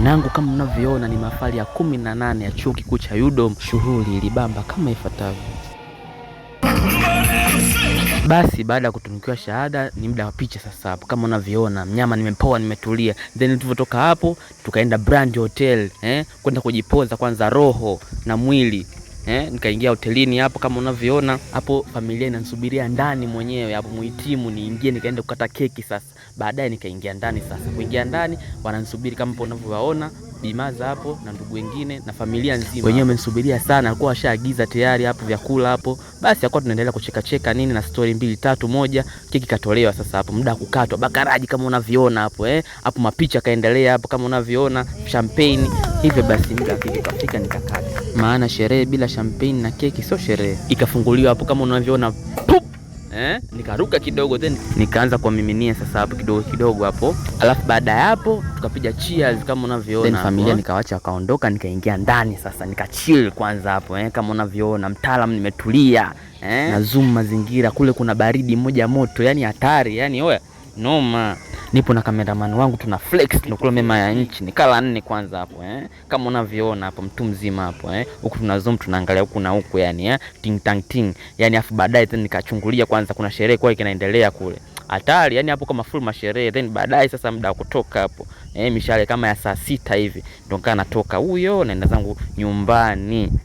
Wanangu, kama mnavyoona ni mahafali ya kumi na nane ya chuo kikuu cha UDOM. Shughuli ilibamba kama ifuatavyo. Basi baada ya kutunukiwa shahada, ni muda wa picha sasa. Hapo kama unavyoona, mnyama nimepoa, nimetulia. Then tulivyotoka hapo, tukaenda Brand Hotel eh, kwenda kujipoza kwanza roho na mwili eh, nikaingia hotelini hapo kama unavyoona hapo, familia inanisubiria ndani mwenyewe hapo, muhitimu niingie, nikaenda kukata keki sasa. Baadaye nikaingia ndani sasa, kuingia ndani wananisubiri kama unavyowaona Bimaza hapo na ndugu wengine na familia nzima, wenyewe wamenisubiria sana, alikuwa washaagiza tayari hapo vyakula hapo. Basi alikuwa tunaendelea kucheka cheka nini na story mbili tatu moja, keki katolewa sasa hapo, muda kukatwa bakaraji kama unavyoona hapo eh, hapo mapicha kaendelea hapo kama unavyoona champagne Hivyo basi muda kafika nikakata, maana sherehe bila champagne na keki sio sherehe. Ikafunguliwa hapo kama unavyoona pup, eh, nikaruka kidogo, then nikaanza kuwamiminia sasa hapo kidogo kidogo hapo, alafu baada ya hapo tukapiga cheers kama unavyoona, then familia eh? nikawacha wakaondoka, nikaingia ndani sasa nikachill kwanza hapo eh, kama unavyoona mtaalamu, nimetulia eh, na zoom mazingira kule, kuna baridi moja moto, yani hatari, yani oya noma nipo na kameramani wangu tuna flex tunakula mema ya nchi. Ni kala nne kwanza hapo eh, kama unavyoona hapo, mtu mzima hapo eh, huku tuna zoom tunaangalia huku na huku yani eh, ting tang ting yani, afu baadaye tena nikachungulia kwanza, kuna sherehe kwa inaendelea kule hatari yani hapo kama full masherehe, then baadaye sasa muda wa kutoka hapo eh, mishale kama ya saa sita hivi ndo nikaa natoka huyo naenda zangu nyumbani.